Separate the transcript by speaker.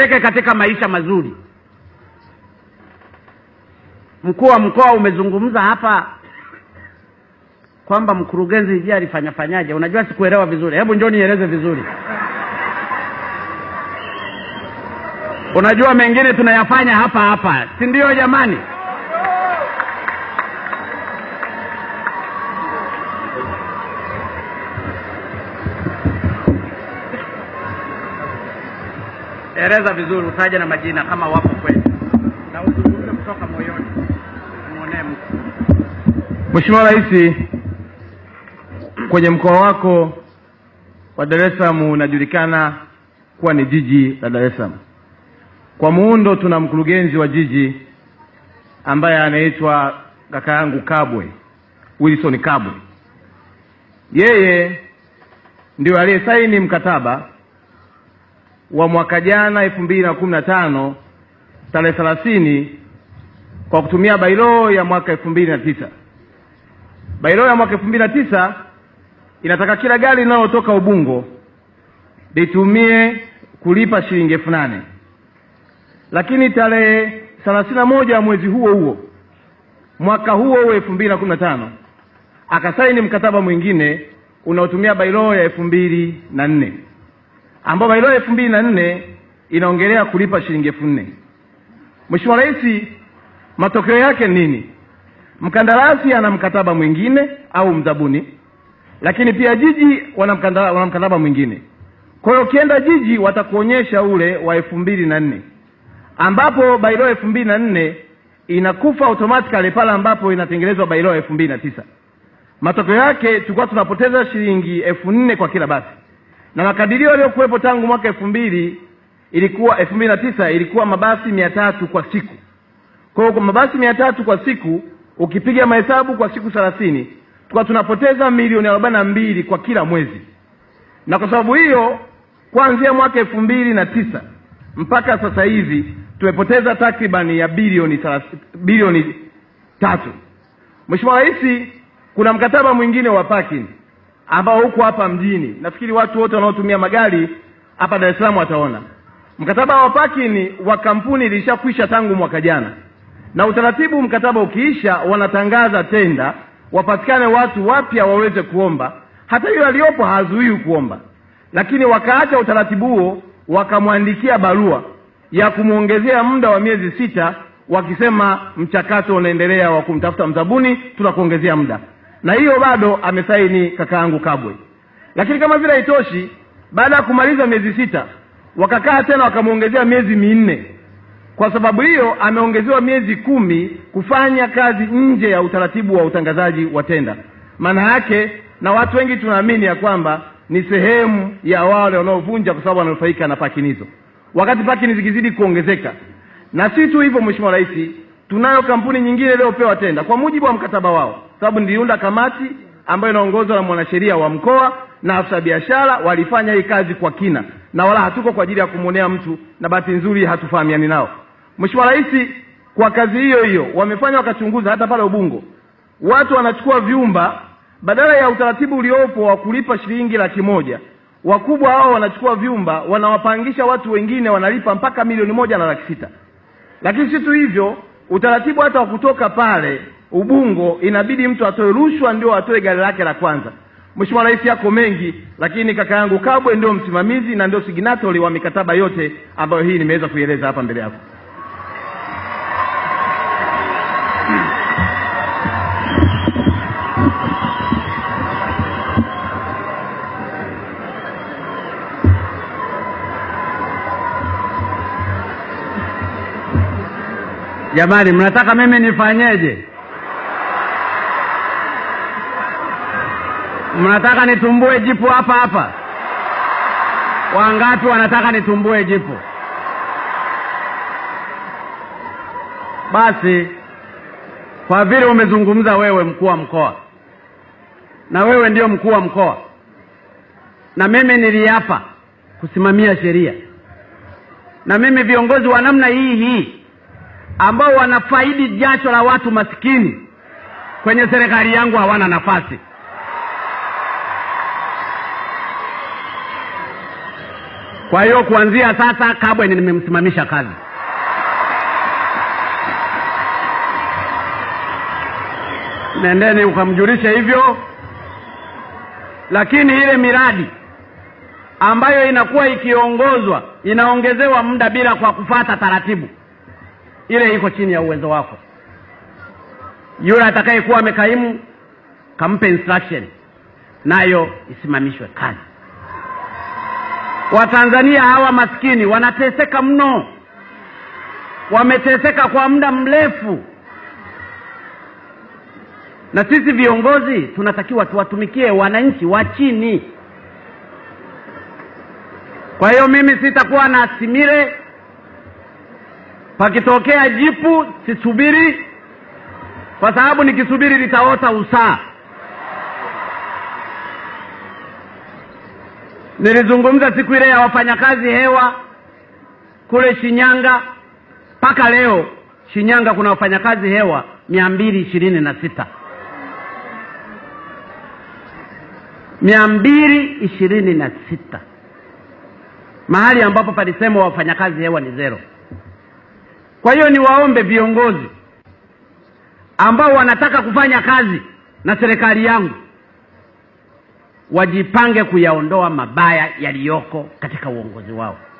Speaker 1: Eke katika maisha mazuri. Mkuu wa mkoa umezungumza hapa kwamba mkurugenzi je, alifanya fanyaje? Unajua sikuelewa vizuri, hebu njoo nieleze vizuri. Unajua mengine tunayafanya hapa hapa, si ndio jamani? eleza vizuri, utaje na majina kama wapo kweli, na uzungumze kutoka moyoni,
Speaker 2: muonee Mungu. Mheshimiwa Rais, kwenye mkoa wako wa Dar es Salaam unajulikana kuwa ni jiji la Dar es Salaam. Kwa muundo, tuna mkurugenzi wa jiji ambaye anaitwa kaka yangu Kabwe, Wilson Kabwe. Yeye ndio aliyesaini mkataba wa mwaka jana tano tarehe thelathini kwa kutumia bailo ya mwaka tisa Bailo ya mwaka tisa inataka kila gari linalotoka Ubungo litumie kulipa shilingi elfu nane lakini tarehe 31 ya mwezi huo huo mwaka huo huo tano akasaini mkataba mwingine unaotumia bailo ya elfu nne ambao bailo elfu mbili na nne inaongelea kulipa shilingi elfu nne. Mheshimiwa Rais, matokeo yake nini? Mkandarasi ana mkataba mwingine au mzabuni, lakini pia jiji wana mkataba, wana mkataba mwingine. Kwa hiyo ukienda jiji watakuonyesha ule wa elfu mbili na nne ambapo bailo elfu mbili na nne inakufa automatically pale ambapo inatengenezwa bailo elfu mbili na tisa. Matokeo yake tulikuwa tunapoteza shilingi elfu nne kwa kila basi na makadirio yaliyokuwepo tangu mwaka elfu mbili ilikuwa elfu mbili na tisa ilikuwa mabasi mia tatu kwa siku. Kwa hiyo mabasi mia tatu kwa siku ukipiga mahesabu kwa siku thelathini tukwa tunapoteza milioni arobaini na mbili kwa kila mwezi, na kwa sababu hiyo kuanzia mwaka elfu mbili na tisa mpaka sasa hivi tumepoteza takribani ya bilioni bilioni tatu. mweshimua rahisi kuna mkataba mwingine wa parking ambao huko hapa mjini, nafikiri watu wote wanaotumia magari hapa Dar es Salaam wataona mkataba wa parking wa kampuni ilishakwisha tangu mwaka jana, na utaratibu, mkataba ukiisha, wanatangaza tenda, wapatikane watu wapya waweze kuomba. Hata yule aliyopo hazuii kuomba, lakini wakaacha utaratibu huo, wakamwandikia barua ya kumwongezea muda wa miezi sita, wakisema mchakato unaendelea wa kumtafuta mzabuni, tunakuongezea muda na hiyo bado amesaini yangu Kabwe. Lakini kama vile haitoshi, baada ya kumaliza miezi sita wakakaa tena wakamwongezea miezi minne. Kwa sababu hiyo ameongezewa miezi kumi kufanya kazi nje ya utaratibu wa utangazaji wa tenda. Maana yake na watu wengi tunaamini ya kwamba ni sehemu ya wale wanaovunja, kwa sababu wananufaika na pakinizo, wakati pakini zikizidi kuongezeka. Na si tu hivyo, Mheshimiwa Rais Tunayo kampuni nyingine iliyopewa tenda kwa mujibu wa mkataba wao, sababu niliunda kamati ambayo inaongozwa na mwanasheria wa mkoa na afisa biashara, walifanya hii kazi kwa kina, na wala hatuko kwa ajili ya kumwonea mtu, na bahati nzuri hatufahamiani nao. Mheshimiwa Rais, kwa kazi hiyo hiyo wamefanya wakachunguza hata pale Ubungo, watu wanachukua vyumba badala ya utaratibu uliopo wa kulipa shilingi laki moja wakubwa hao wanachukua vyumba wanawapangisha watu wengine wanalipa mpaka milioni moja na laki sita. Lakini si tu hivyo, utaratibu hata wa kutoka pale Ubungo inabidi mtu atoe rushwa ndio atoe gari lake la kwanza. Mheshimiwa Rais, yako mengi, lakini kaka yangu Kabwe ndio msimamizi na ndio signatori wa mikataba yote ambayo hii nimeweza kuieleza hapa mbele yako. Jamani, mnataka mimi nifanyeje? Mnataka nitumbue jipu hapa hapa? Wangapi wanataka nitumbue jipu? Basi kwa vile umezungumza wewe, mkuu wa mkoa, na wewe ndio mkuu wa mkoa, na mimi niliapa kusimamia sheria, na mimi viongozi wa namna hii hii ambao wanafaidi jasho la watu masikini kwenye serikali yangu hawana nafasi. Kwa hiyo kuanzia sasa, Kabwe nimemsimamisha kazi. Nendeni ukamjulishe hivyo. Lakini ile miradi ambayo inakuwa ikiongozwa inaongezewa muda bila kwa kufata taratibu ile iko chini ya uwezo wako. Yule atakayekuwa amekaimu kampe instruction nayo isimamishwe kazi. Watanzania hawa maskini wanateseka mno, wameteseka kwa muda mrefu, na sisi viongozi tunatakiwa tuwatumikie wananchi wa chini. Kwa hiyo mimi sitakuwa na simire Pakitokea jipu sisubiri, kwa sababu nikisubiri litaota usaa. Nilizungumza siku ile ya wafanyakazi hewa kule Shinyanga. Mpaka leo Shinyanga kuna wafanyakazi hewa mia mbili ishirini na sita mia mbili ishirini na sita mahali ambapo palisema wafanyakazi hewa ni zero. Kwa hiyo niwaombe viongozi ambao wanataka kufanya kazi na serikali yangu wajipange kuyaondoa mabaya yaliyoko katika uongozi wao.